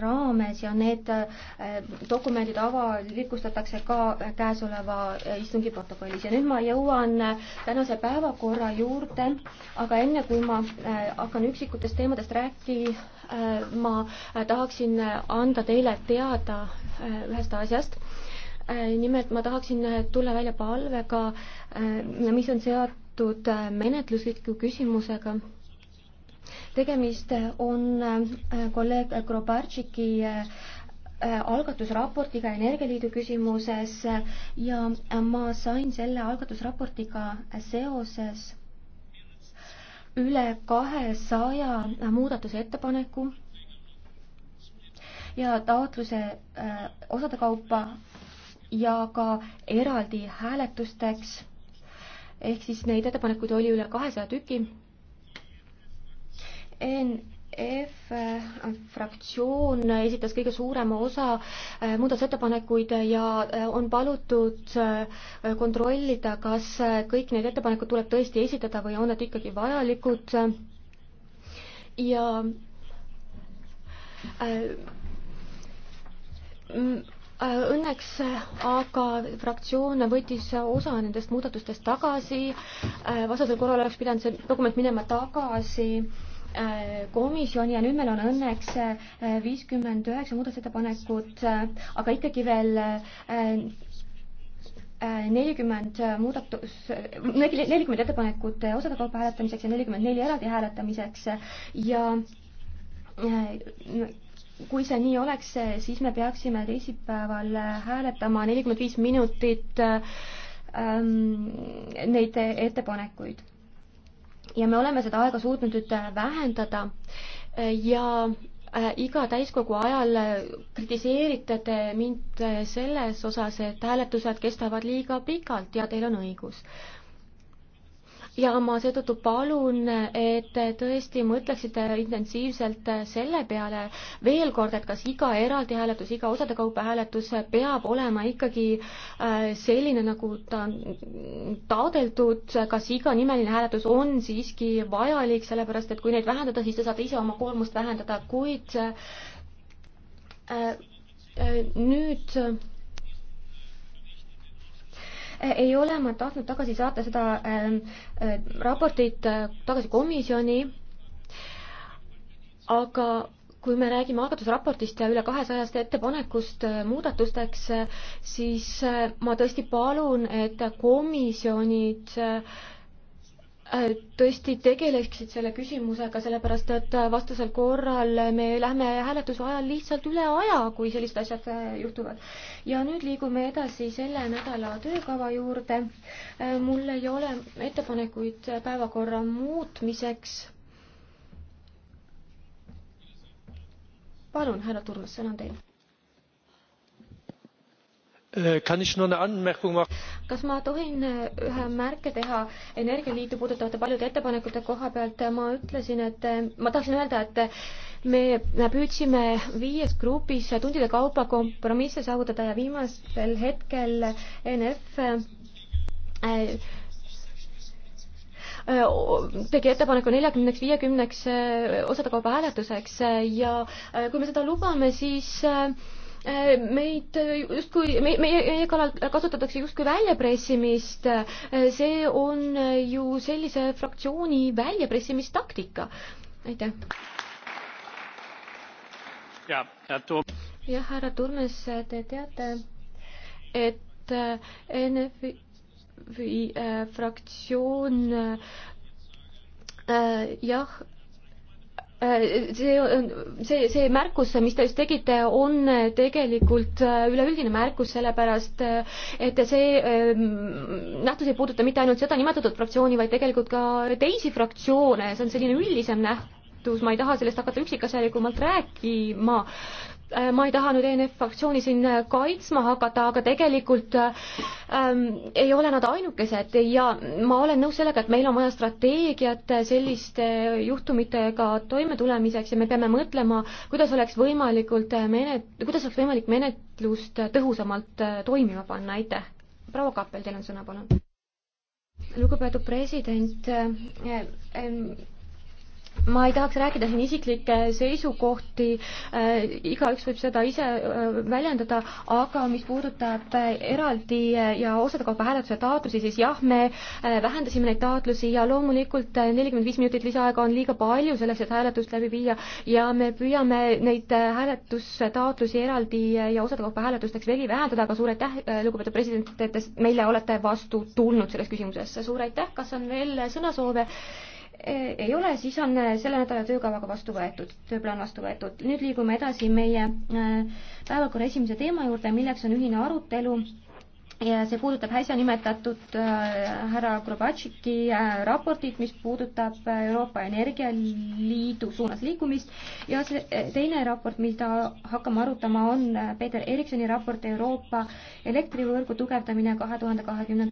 raames ja need äh, dokumendid avalikustatakse ka käesoleva istungi protokollis. ja nüüd ma jõuan äh, tänase päevakorra juurde, aga enne kui ma äh, hakkan üksikutest teemadest rääkima, tahaksin anda teile teada ühest asjast. nimelt ma tahaksin tulla välja palvega, mis on seotud menetlusliku küsimusega tegemist on äh, kolleeg Grobartšiki äh, äh, algatusraportiga Energialiidu küsimuses ja ma sain selle algatusraportiga seoses üle kahesaja muudatusettepaneku ja taotluse osade kaupa ja ka eraldi hääletusteks. ehk siis neid ettepanekuid oli üle kahesaja tüki ENF äh, fraktsioon esitas kõige suurema osa äh, muudatusettepanekuid ja äh, on palutud kontrollida, kas kõik need ettepanekud tuleb tõesti esitada või on nad ikkagi vajalikud. ja Õnneks aga fraktsioon võttis osa nendest muudatustest tagasi, vastasel korral oleks pidanud see dokument minema tagasi Äh, komisjoni ja nüüd meil on õnneks äh, viiskümmend üheksa muudatusettepanekut, äh, aga ikkagi veel nelikümmend muudatus, nelikümmend ettepanekut osade kaupa hääletamiseks ja nelikümmend neli eraldi hääletamiseks ja kui see nii oleks, siis me peaksime teisipäeval hääletama nelikümmend viis minutit ähm, neid ettepanekuid ja me oleme seda aega suutnud nüüd äh, vähendada äh, ja äh, iga täiskogu ajal kritiseerite te mind selles osas, et hääletused kestavad liiga pikalt ja teil on õigus ja ma seetõttu palun, et te tõesti mõtleksite intensiivselt selle peale veel kord, et kas iga eraldi hääletus, iga osade kaupa hääletus peab olema ikkagi äh, selline, nagu ta on taodeldud, kas iga nimeline hääletus on siiski vajalik, sellepärast et kui neid vähendada, siis te saate ise oma koormust vähendada, kuid äh, äh, nüüd ei ole ma tahtnud tagasi saata seda ähm, äh, raportit äh, tagasi komisjoni, aga kui me räägime algatusraportist ja üle kahesajast ettepanekust äh, muudatusteks, siis ma tõesti palun, et komisjonid äh, Äh, tõesti tegeleksid selle küsimusega, sellepärast et äh, vastasel korral me lähme hääletuse ajal lihtsalt üle aja, kui sellised asjad äh, juhtuvad. ja nüüd liigume edasi selle nädala töökava juurde. mul ei ole ettepanekuid päevakorra muutmiseks. palun, härra Turmas, sõna on teil Äh, kas ma tohin äh, ühe märke teha Energialiitu puudutavate paljude ettepanekute koha pealt, äh, ma ütlesin, et ma tahtsin öelda, et me püüdsime viies grupis tundide kaupa kompromisse saavutada ja viimasel hetkel e NF tegi ettepaneku neljakümneks, viiekümneks osade kaupa hääletuseks ja kui me seda lubame, siis äh, Äh, meid äh, justkui, meie, meie kallal kasutatakse justkui väljapressimist, äh, see on ju sellise fraktsiooni väljapressimistaktika. aitäh. jah, härra Turmes, te teate, et NF-i fraktsioon jah, Äh, see on, see, see märkus, mis te just tegite, on tegelikult äh, üleüldine märkus, sellepärast äh, et see ähm, nähtus ei puuduta mitte ainult seda nimetatud fraktsiooni, vaid tegelikult ka teisi fraktsioone, see on selline üldisem nähtus, ma ei taha sellest hakata üksikasjalikumalt rääkima, ma ei taha nüüd ENF fraktsiooni siin kaitsma hakata, aga tegelikult Ähm, ei ole nad ainukesed ja ma olen nõus sellega, et meil on vaja strateegiat selliste juhtumitega toimetulemiseks ja me peame mõtlema, kuidas oleks võimalikult äh, menet-, kuidas oleks võimalik menetlust tõhusamalt äh, toimima panna, aitäh. proua Kappel, teil on sõna, palun. lugupeetud president äh, ma ei tahaks rääkida siin isiklikke seisukohti äh,, igaüks võib seda ise äh, väljendada, aga mis puudutab äh, eraldi äh, ja osade kaupa hääletuse taotlusi, siis jah, me äh, vähendasime neid taotlusi ja loomulikult äh, nelikümmend äh, viis minutit lisaaega on liiga palju selleks, et hääletust läbi viia ja me püüame neid äh, hääletustaotlusi eraldi äh, ja osade kaupa hääletusteks veelgi vähendada, aga suur aitäh äh,, lugupeetud president, et te meile olete vastu tulnud selles küsimuses. suur aitäh, kas on veel äh, sõnasoove? ei ole, siis on äh, selle nädala töökavaga vastu võetud, tööplaan vastu võetud. nüüd liigume edasi meie äh, päevakorra esimese teema juurde, milleks on ühine arutelu ja see puudutab äsja nimetatud äh, härra Grobatšiki raportit, mis puudutab Euroopa Energialiidu suunas liikumist ja see teine raport, mida hakkame arutama, on Peeter Eriksoni raport Euroopa elektrivõrgu tugevdamine kahe tuhande kahekümnenda